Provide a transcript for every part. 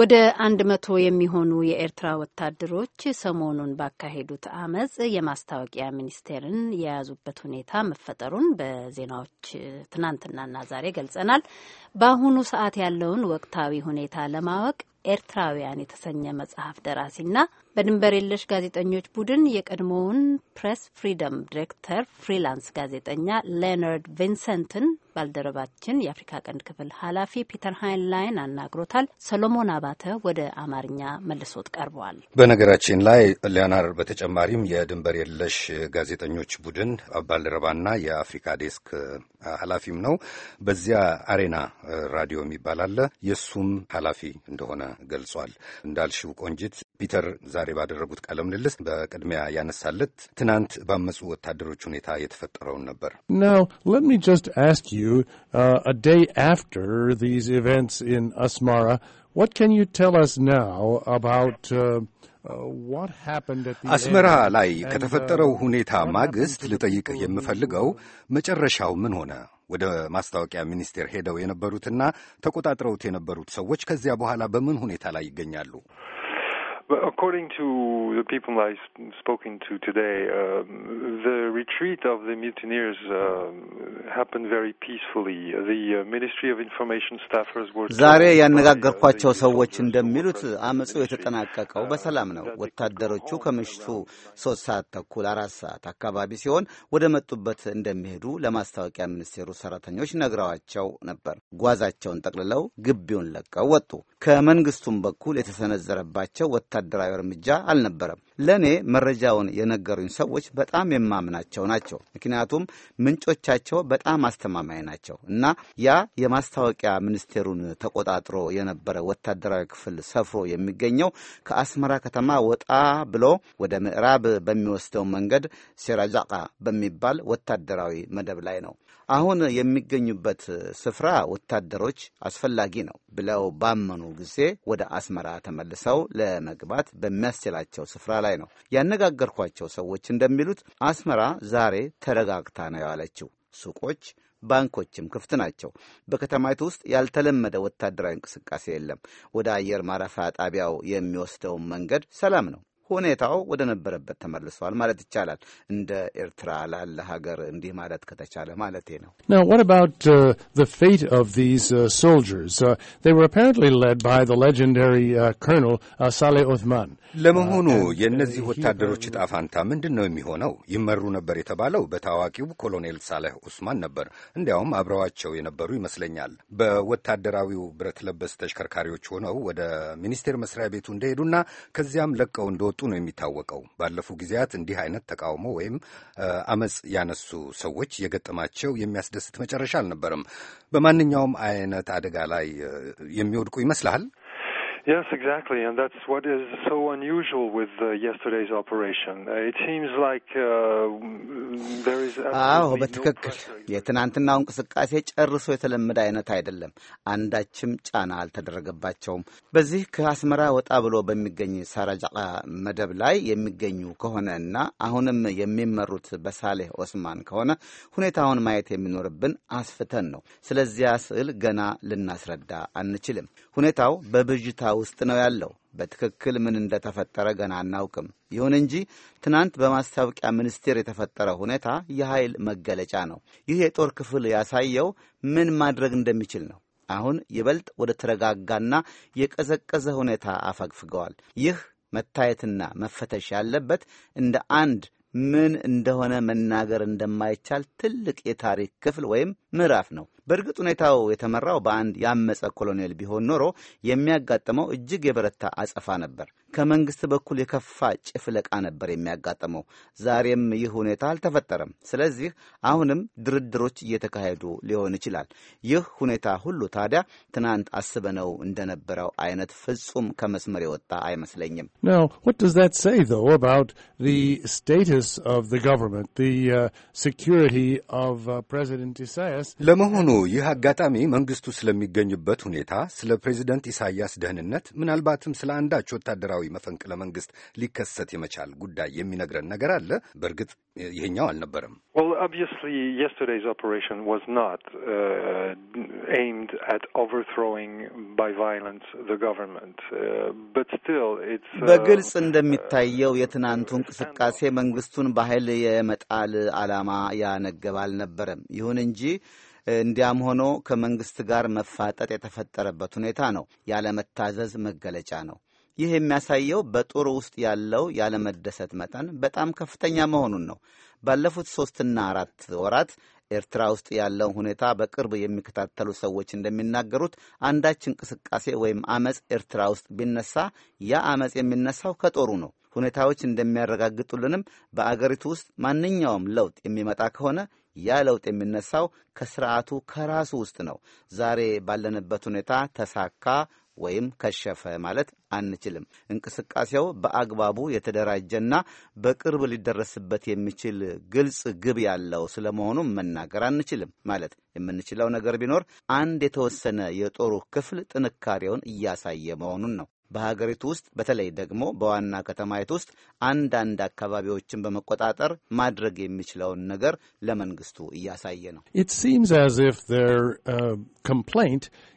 ወደ አንድ መቶ የሚሆኑ የኤርትራ ወታደሮች ሰሞኑን ባካሄዱት አመፅ የማስታወቂያ ሚኒስቴርን የያዙበት ሁኔታ መፈጠሩን በዜናዎች ትናንትናና ዛሬ ገልጸናል። በአሁኑ ሰዓት ያለውን ወቅታዊ ሁኔታ ለማወቅ ኤርትራውያን የተሰኘ መጽሐፍ ደራሲና በድንበር የለሽ ጋዜጠኞች ቡድን የቀድሞውን ፕሬስ ፍሪደም ዲሬክተር ፍሪላንስ ጋዜጠኛ ሌናርድ ቪንሰንትን ባልደረባችን የአፍሪካ ቀንድ ክፍል ኃላፊ ፒተር ሃይንላይን አናግሮታል። ሰሎሞን አባተ ወደ አማርኛ መልሶት ቀርበዋል። በነገራችን ላይ ሌናርድ በተጨማሪም የድንበር የለሽ ጋዜጠኞች ቡድን ባልደረባና የአፍሪካ ዴስክ ኃላፊም ነው። በዚያ አሬና ራዲዮ የሚባል አለ። የእሱም ኃላፊ እንደሆነ ገልጿል። እንዳልሽው ቆንጂት፣ ፒተር ዛሬ ባደረጉት ቃለ ምልልስ በቅድሚያ ያነሳለት ትናንት ባመፁ ወታደሮች ሁኔታ የተፈጠረውን ነበር። Now, let me just ask you, uh, a What can you tell us now about uh, uh አስመራ ላይ uh, ከተፈጠረው ሁኔታ ማግስት ልጠይቅህ የምፈልገው መጨረሻው ምን ሆነ? ወደ ማስታወቂያ ሚኒስቴር ሄደው የነበሩትና ተቆጣጥረውት የነበሩት ሰዎች ከዚያ በኋላ በምን ሁኔታ ላይ ይገኛሉ? Well, according to the people I've spoken to today, uh, the retreat of the mutineers uh, happened very peacefully. The uh, Ministry of Information staffers were ዛሬ ያነጋገርኳቸው ሰዎች እንደሚሉት አመፁ የተጠናቀቀው uh, በሰላም ነው። ወታደሮቹ ከምሽቱ ሶስት ሰዓት ተኩል አራት ሰዓት አካባቢ ሲሆን ወደ መጡበት እንደሚሄዱ ለማስታወቂያ ሚኒስቴሩ ሰራተኞች ነግረዋቸው ነበር። ጓዛቸውን ጠቅልለው ግቢውን ለቀው ወጡ። ከመንግስቱም በኩል የተሰነዘረባቸው ወታ ወታደራዊ እርምጃ አልነበረም። ለእኔ መረጃውን የነገሩኝ ሰዎች በጣም የማምናቸው ናቸው። ምክንያቱም ምንጮቻቸው በጣም አስተማማኝ ናቸው እና ያ የማስታወቂያ ሚኒስቴሩን ተቆጣጥሮ የነበረ ወታደራዊ ክፍል ሰፍሮ የሚገኘው ከአስመራ ከተማ ወጣ ብሎ ወደ ምዕራብ በሚወስደው መንገድ ሴራጃቃ በሚባል ወታደራዊ መደብ ላይ ነው። አሁን የሚገኙበት ስፍራ ወታደሮች አስፈላጊ ነው ብለው ባመኑ ጊዜ ወደ አስመራ ተመልሰው ለመግባት በሚያስችላቸው ስፍራ ላይ ነው። ያነጋገርኳቸው ሰዎች እንደሚሉት አስመራ ዛሬ ተረጋግታ ነው ያለችው። ሱቆች፣ ባንኮችም ክፍት ናቸው። በከተማይቱ ውስጥ ያልተለመደ ወታደራዊ እንቅስቃሴ የለም። ወደ አየር ማረፊያ ጣቢያው የሚወስደውን መንገድ ሰላም ነው። ሁኔታው ወደ ነበረበት ተመልሷል ማለት ይቻላል። እንደ ኤርትራ ላለ ሀገር እንዲህ ማለት ከተቻለ ማለት ነው። Now what about uh, the fate of these uh, soldiers? Uh, they were apparently led by the legendary uh, Colonel uh, Saleh Othman. ለመሆኑ uh, የእነዚህ ወታደሮች ዕጣ ፈንታ ምንድን ነው የሚሆነው? ይመሩ ነበር የተባለው በታዋቂው ኮሎኔል ሳሌህ ኡስማን ነበር። እንዲያውም አብረዋቸው የነበሩ ይመስለኛል። በወታደራዊው ብረት ለበስ ተሽከርካሪዎች ሆነው ወደ ሚኒስቴር መስሪያ ቤቱ እንደሄዱና ከዚያም ለቀው እንደወጡ እንደመጡ ነው የሚታወቀው። ባለፉ ጊዜያት እንዲህ አይነት ተቃውሞ ወይም አመፅ ያነሱ ሰዎች የገጠማቸው የሚያስደስት መጨረሻ አልነበረም። በማንኛውም አይነት አደጋ ላይ የሚወድቁ ይመስልሃል? Yes, exactly, and that's what is so unusual with uh, yesterday's operation. Uh, it seems like uh, there is አዎ በትክክል የትናንትናው እንቅስቃሴ ጨርሶ የተለመደ አይነት አይደለም። አንዳችም ጫና አልተደረገባቸውም። በዚህ ከአስመራ ወጣ ብሎ በሚገኝ ሳራጃቃ መደብ ላይ የሚገኙ ከሆነ እና አሁንም የሚመሩት በሳሌህ ኦስማን ከሆነ ሁኔታውን ማየት የሚኖርብን አስፍተን ነው። ስለዚያ ስዕል ገና ልናስረዳ አንችልም። ሁኔታው በብዥታ ውስጥ ነው ያለው። በትክክል ምን እንደተፈጠረ ገና አናውቅም። ይሁን እንጂ ትናንት በማስታወቂያ ሚኒስቴር የተፈጠረ ሁኔታ የኃይል መገለጫ ነው። ይህ የጦር ክፍል ያሳየው ምን ማድረግ እንደሚችል ነው። አሁን ይበልጥ ወደ ተረጋጋና የቀዘቀዘ ሁኔታ አፈግፍገዋል። ይህ መታየትና መፈተሽ ያለበት እንደ አንድ ምን እንደሆነ መናገር እንደማይቻል ትልቅ የታሪክ ክፍል ወይም ምዕራፍ ነው። በእርግጥ ሁኔታው የተመራው በአንድ ያመፀ ኮሎኔል ቢሆን ኖሮ የሚያጋጥመው እጅግ የበረታ አጸፋ ነበር። ከመንግስት በኩል የከፋ ጭፍለቃ ነበር የሚያጋጥመው። ዛሬም ይህ ሁኔታ አልተፈጠረም። ስለዚህ አሁንም ድርድሮች እየተካሄዱ ሊሆን ይችላል። ይህ ሁኔታ ሁሉ ታዲያ ትናንት አስበነው እንደነበረው አይነት ፍጹም ከመስመር የወጣ አይመስለኝም። ለመሆኑ ይህ አጋጣሚ መንግስቱ ስለሚገኝበት ሁኔታ፣ ስለ ፕሬዚደንት ኢሳያስ ደህንነት፣ ምናልባትም ስለ አንዳች ወታደራዊ መፈንቅለ መንግስት ሊከሰት የመቻል ጉዳይ የሚነግረን ነገር አለ? በእርግጥ ይሄኛው አልነበረም። obviously, yesterday's operation was not uh, aimed at overthrowing by violence the government, uh, but still it's. Uh, በግልጽ እንደሚታየው የትናንቱ እንቅስቃሴ መንግስቱን በኃይል የመጣል ዓላማ ያነገበ አልነበረም። ይሁን እንጂ እንዲያም ሆኖ ከመንግስት ጋር መፋጠጥ የተፈጠረበት ሁኔታ ነው፣ ያለመታዘዝ መገለጫ ነው። ይህ የሚያሳየው በጦር ውስጥ ያለው ያለመደሰት መጠን በጣም ከፍተኛ መሆኑን ነው። ባለፉት ሶስትና አራት ወራት ኤርትራ ውስጥ ያለው ሁኔታ በቅርብ የሚከታተሉ ሰዎች እንደሚናገሩት አንዳች እንቅስቃሴ ወይም አመፅ ኤርትራ ውስጥ ቢነሳ ያ አመፅ የሚነሳው ከጦሩ ነው። ሁኔታዎች እንደሚያረጋግጡልንም በአገሪቱ ውስጥ ማንኛውም ለውጥ የሚመጣ ከሆነ ያ ለውጥ የሚነሳው ከስርዓቱ ከራሱ ውስጥ ነው። ዛሬ ባለንበት ሁኔታ ተሳካ ወይም ከሸፈ ማለት አንችልም። እንቅስቃሴው በአግባቡ የተደራጀና በቅርብ ሊደረስበት የሚችል ግልጽ ግብ ያለው ስለመሆኑ መናገር አንችልም። ማለት የምንችለው ነገር ቢኖር አንድ የተወሰነ የጦሩ ክፍል ጥንካሬውን እያሳየ መሆኑን ነው። በሀገሪቱ ውስጥ በተለይ ደግሞ በዋና ከተማይቱ ውስጥ አንዳንድ አካባቢዎችን በመቆጣጠር ማድረግ የሚችለውን ነገር ለመንግስቱ እያሳየ ነው። uh,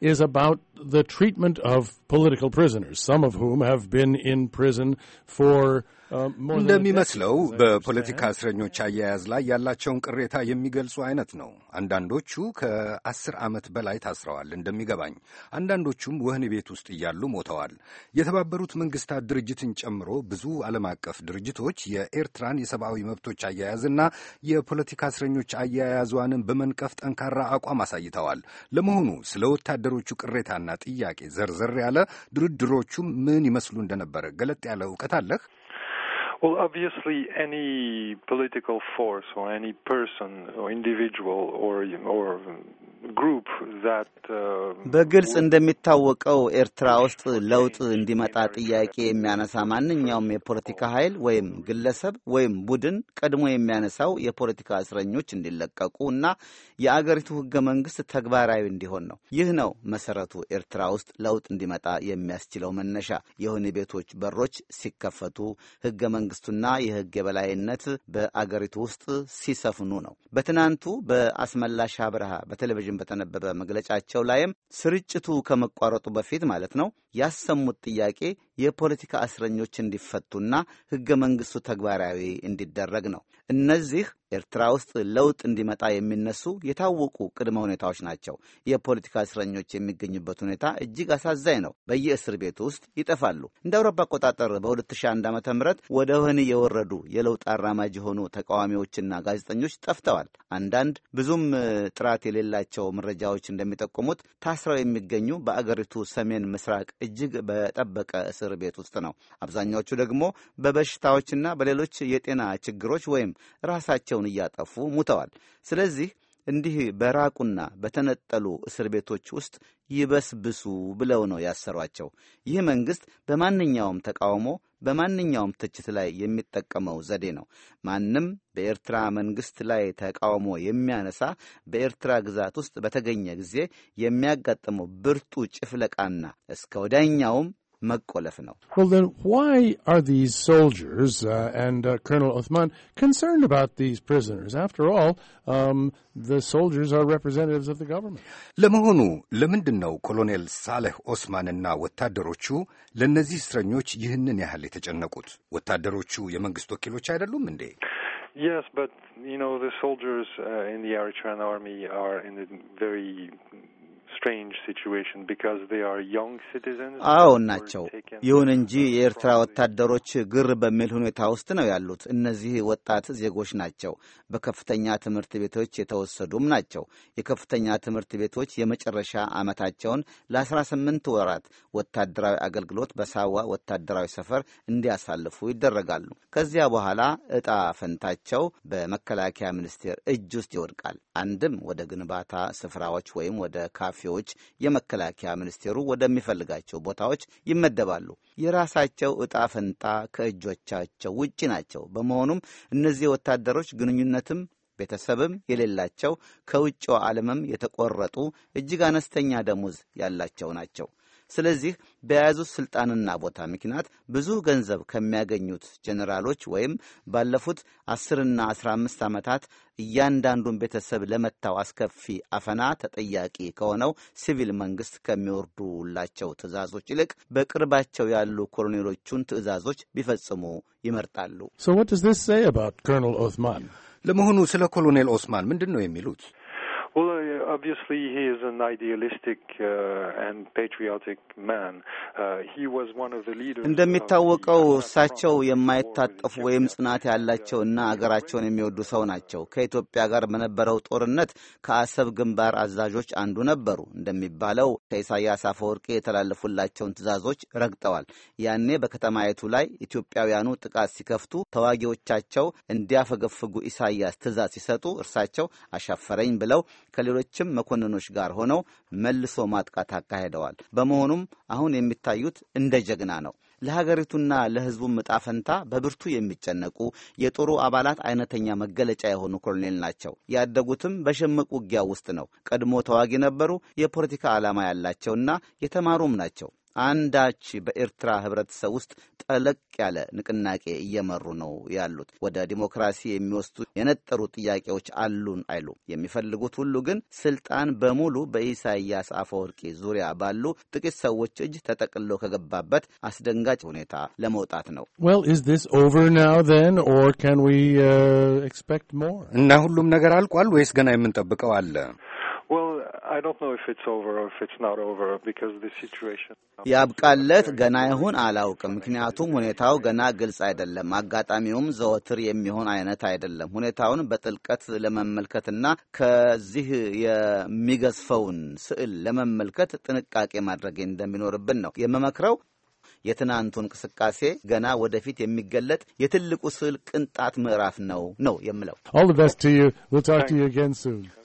is about the treatment of political prisoners, some of whom have been in prison for uh, እንደሚመስለው በፖለቲካ እስረኞች አያያዝ ላይ ያላቸውን ቅሬታ የሚገልጹ አይነት ነው። አንዳንዶቹ ከአስር ዓመት በላይ ታስረዋል እንደሚገባኝ፣ አንዳንዶቹም ወህኒ ቤት ውስጥ እያሉ ሞተዋል። የተባበሩት መንግስታት ድርጅትን ጨምሮ ብዙ ዓለም አቀፍ ድርጅቶች የኤርትራን የሰብአዊ መብቶች አያያዝና የፖለቲካ እስረኞች አያያዟንን በመንቀፍ ጠንካራ አቋም አሳይተዋል። ለመሆኑ ስለ ወታደ የወታደሮቹ ቅሬታና ጥያቄ ዘርዘር ያለ ድርድሮቹ ምን ይመስሉ እንደነበረ ገለጥ ያለ እውቀት አለህ? Well, obviously, any political force or any person or individual or or group that uh, በግልጽ እንደሚታወቀው ኤርትራ ውስጥ ለውጥ እንዲመጣ ጥያቄ የሚያነሳ ማንኛውም የፖለቲካ ኃይል ወይም ግለሰብ ወይም ቡድን ቀድሞ የሚያነሳው የፖለቲካ እስረኞች እንዲለቀቁ እና የአገሪቱ ሕገ መንግሥት ተግባራዊ እንዲሆን ነው። ይህ ነው መሰረቱ ኤርትራ ውስጥ ለውጥ እንዲመጣ የሚያስችለው መነሻ የወህኒ ቤቶች በሮች ሲከፈቱ ሕገ መንግሥት መንግስቱና የህግ የበላይነት በአገሪቱ ውስጥ ሲሰፍኑ ነው። በትናንቱ በአስመላሽ አብርሃ በቴሌቪዥን በተነበበ መግለጫቸው ላይም ስርጭቱ ከመቋረጡ በፊት ማለት ነው ያሰሙት ጥያቄ የፖለቲካ እስረኞች እንዲፈቱና ሕገ መንግሥቱ ተግባራዊ እንዲደረግ ነው። እነዚህ ኤርትራ ውስጥ ለውጥ እንዲመጣ የሚነሱ የታወቁ ቅድመ ሁኔታዎች ናቸው። የፖለቲካ እስረኞች የሚገኙበት ሁኔታ እጅግ አሳዛኝ ነው። በየእስር ቤቱ ውስጥ ይጠፋሉ። እንደ አውሮፓ አቆጣጠር በ2001 ዓ ም ወደ ወህኒ የወረዱ የለውጥ አራማጅ የሆኑ ተቃዋሚዎችና ጋዜጠኞች ጠፍተዋል። አንዳንድ ብዙም ጥራት የሌላቸው መረጃዎች እንደሚጠቁሙት ታስረው የሚገኙ በአገሪቱ ሰሜን ምስራቅ እጅግ በጠበቀ እስር እስር ቤት ውስጥ ነው። አብዛኛዎቹ ደግሞ በበሽታዎችና በሌሎች የጤና ችግሮች ወይም ራሳቸውን እያጠፉ ሙተዋል። ስለዚህ እንዲህ በራቁና በተነጠሉ እስር ቤቶች ውስጥ ይበስብሱ ብለው ነው ያሰሯቸው። ይህ መንግሥት በማንኛውም ተቃውሞ፣ በማንኛውም ትችት ላይ የሚጠቀመው ዘዴ ነው። ማንም በኤርትራ መንግሥት ላይ ተቃውሞ የሚያነሳ በኤርትራ ግዛት ውስጥ በተገኘ ጊዜ የሚያጋጥመው ብርቱ ጭፍለቃና እስከ ወዲያኛውም መቆለፍ ነው። Well then, why are these soldiers uh, and uh, Colonel Othman concerned about these prisoners? After all, um, the soldiers are representatives of the government. ለመሆኑ ለምንድን ነው ኮሎኔል ሳሌህ ኦስማንና ወታደሮቹ ለእነዚህ እስረኞች ይህንን ያህል የተጨነቁት? ወታደሮቹ የመንግስት ወኪሎች አይደሉም እንዴ? Yes, but you know the soldiers uh, in the Eritrean army are in a very አዎን ናቸው። ይሁን እንጂ የኤርትራ ወታደሮች ግር በሚል ሁኔታ ውስጥ ነው ያሉት። እነዚህ ወጣት ዜጎች ናቸው። በከፍተኛ ትምህርት ቤቶች የተወሰዱም ናቸው። የከፍተኛ ትምህርት ቤቶች የመጨረሻ ዓመታቸውን ለ18 ወራት ወታደራዊ አገልግሎት በሳዋ ወታደራዊ ሰፈር እንዲያሳልፉ ይደረጋሉ። ከዚያ በኋላ እጣ ፈንታቸው በመከላከያ ሚኒስቴር እጅ ውስጥ ይወድቃል። አንድም ወደ ግንባታ ስፍራዎች ወይም ወደ ካፌ ኃላፊዎች የመከላከያ ሚኒስቴሩ ወደሚፈልጋቸው ቦታዎች ይመደባሉ። የራሳቸው እጣ ፈንታ ከእጆቻቸው ውጪ ናቸው። በመሆኑም እነዚህ ወታደሮች ግንኙነትም ቤተሰብም የሌላቸው ከውጭው ዓለምም የተቆረጡ እጅግ አነስተኛ ደሞዝ ያላቸው ናቸው። ስለዚህ በያዙት ስልጣንና ቦታ ምክንያት ብዙ ገንዘብ ከሚያገኙት ጀኔራሎች ወይም ባለፉት አስርና አስራ አምስት ዓመታት እያንዳንዱን ቤተሰብ ለመታው አስከፊ አፈና ተጠያቂ ከሆነው ሲቪል መንግስት ከሚወርዱላቸው ትዕዛዞች ይልቅ በቅርባቸው ያሉ ኮሎኔሎቹን ትዕዛዞች ቢፈጽሙ ይመርጣሉ። ለመሆኑ ስለ ኮሎኔል ኦስማን ምንድን ነው የሚሉት? Well, uh, obviously, he is an idealistic uh, and patriotic man. Uh, he was one of the leaders. እንደሚታወቀው እሳቸው የማይታጠፉ ወይም ጽናት ያላቸውና አገራቸውን የሚወዱ ሰው ናቸው። ከኢትዮጵያ ጋር በነበረው ጦርነት ከአሰብ ግንባር አዛዦች አንዱ ነበሩ። እንደሚባለው ከኢሳያስ አፈወርቂ የተላለፉላቸውን ትዕዛዞች ረግጠዋል። ያኔ በከተማይቱ ላይ ኢትዮጵያውያኑ ጥቃት ሲከፍቱ ተዋጊዎቻቸው እንዲያፈገፍጉ ኢሳያስ ትዕዛዝ ሲሰጡ እርሳቸው አሻፈረኝ ብለው ከሌሎችም መኮንኖች ጋር ሆነው መልሶ ማጥቃት አካሂደዋል። በመሆኑም አሁን የሚታዩት እንደ ጀግና ነው። ለሀገሪቱና ለህዝቡ ምጣፈንታ ፈንታ በብርቱ የሚጨነቁ የጦሩ አባላት አይነተኛ መገለጫ የሆኑ ኮሎኔል ናቸው። ያደጉትም በሽምቅ ውጊያ ውስጥ ነው። ቀድሞ ተዋጊ ነበሩ። የፖለቲካ ዓላማ ያላቸውና የተማሩም ናቸው። አንዳች በኤርትራ ህብረተሰብ ውስጥ ጠለቅ ያለ ንቅናቄ እየመሩ ነው ያሉት። ወደ ዲሞክራሲ የሚወስዱ የነጠሩ ጥያቄዎች አሉን አይሉ የሚፈልጉት ሁሉ ግን ስልጣን በሙሉ በኢሳይያስ አፈወርቂ ዙሪያ ባሉ ጥቂት ሰዎች እጅ ተጠቅሎ ከገባበት አስደንጋጭ ሁኔታ ለመውጣት ነው። uh, እና ሁሉም ነገር አልቋል ወይስ ገና የምንጠብቀው አለ? Well, I don't know if it's over or if it's not over because the situation ያብቃለት ገና ይሁን አላውቅም። ምክንያቱም ሁኔታው ገና ግልጽ አይደለም። አጋጣሚውም ዘወትር የሚሆን አይነት አይደለም። ሁኔታውን በጥልቀት ለመመልከትና ከዚህ የሚገዝፈውን ስዕል ለመመልከት ጥንቃቄ ማድረግ እንደሚኖርብን ነው የምመክረው። የትናንቱ እንቅስቃሴ ገና ወደፊት የሚገለጥ የትልቁ ስዕል ቅንጣት ምዕራፍ ነው ነው የምለው።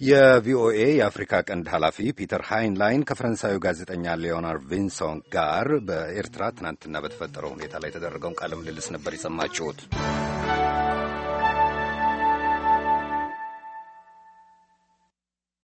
የቪኦኤ የአፍሪካ ቀንድ ኃላፊ ፒተር ሃይንላይን ከፈረንሳዩ ጋዜጠኛ ሊዮናር ቪንሶን ጋር በኤርትራ ትናንትና በተፈጠረው ሁኔታ ላይ የተደረገውን ቃለ ምልልስ ነበር የሰማችሁት።